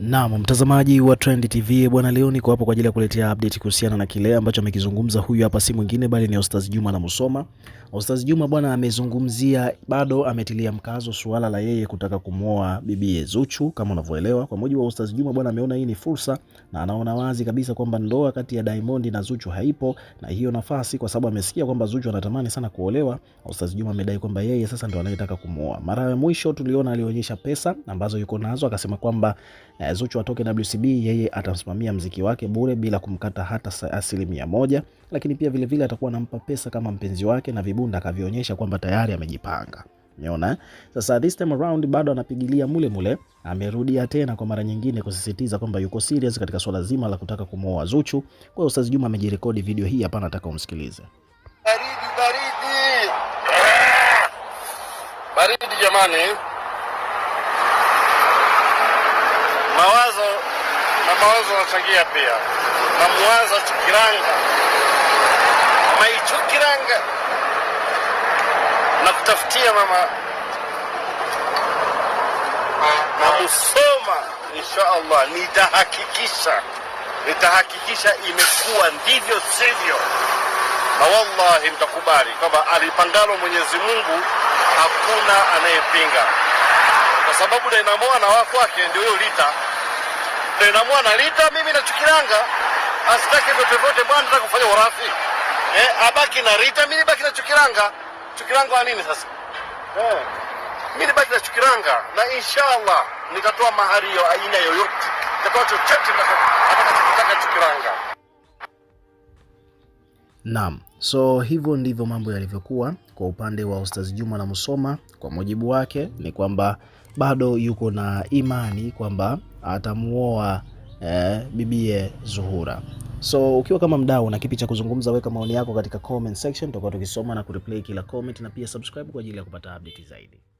Naam, mtazamaji wa Trend TV bwana, leo niko hapo kwa ajili ya kuletea update kuhusiana na kile ambacho amekizungumza huyu hapa, si mwingine bali ni Ostaz Juma na Musoma. Ostaz Juma bwana amezungumzia, bado ametilia mkazo suala la yeye kutaka kumwoa bibi Zuchu kama unavyoelewa. Kwa mujibu wa Ostaz Juma bwana, ameona hii ni fursa na anaona wazi kabisa kwamba ndoa kati ya Diamond na Zuchu haipo na hiyo nafasi, kwa sababu amesikia kwamba Zuchu anatamani sana kuolewa. Ostaz Juma amedai kwamba yeye sasa ndo anayetaka kumwoa. Mara ya mwisho tuliona alionyesha pesa ambazo yuko nazo, akasema kwamba Eh, Zuchu atoke WCB, yeye atamsimamia mziki wake bure bila kumkata hata asilimia moja, lakini pia vilevile vile atakuwa anampa pesa kama mpenzi wake, na vibunda akavionyesha kwamba tayari amejipanga. Umeona sasa, this time around bado anapigilia mule mule, amerudia tena kwa mara nyingine kusisitiza kwamba yuko serious katika swala zima la kutaka kumwoa Zuchu. Kwa hiyo Ustaz Juma amejirekodi video hii hapa, nataka umsikilize. Baridi baridi baridi, jamani mawazo na mawazo yanachangia pia, na mwaza Chukiranga Maichukiranga na kutafutia mama na Musoma, insha Allah nitahakikisha nitahakikisha imekuwa ndivyo sivyo, na wallahi mtakubali kwamba alipangalo Mwenyezi Mungu hakuna anayepinga, kwa sababu Dainamoa na wako wake ndio huyo lita yule na mwana lita mimi na Chukilanga asitaki vyovyote bwana, nataka kufanya urafi eh, abaki na lita mimi baki na Chukilanga. Chukilanga wa nini sasa eh? Mimi nibaki na Chukilanga na inshallah nitatoa mahari ya aina yoyote, nitatoa chochote atakachotaka Chukilanga. Naam. So hivyo ndivyo mambo yalivyokuwa kwa upande wa Ustaz Juma na Musoma. Kwa mujibu wake ni kwamba bado yuko na imani kwamba atamuoa eh, bibie Zuhura. So ukiwa kama mdau na kipi cha kuzungumza, weka maoni yako katika comment section, tutakuwa tukisoma na kureplay kila comment, na pia subscribe kwa ajili ya kupata update zaidi.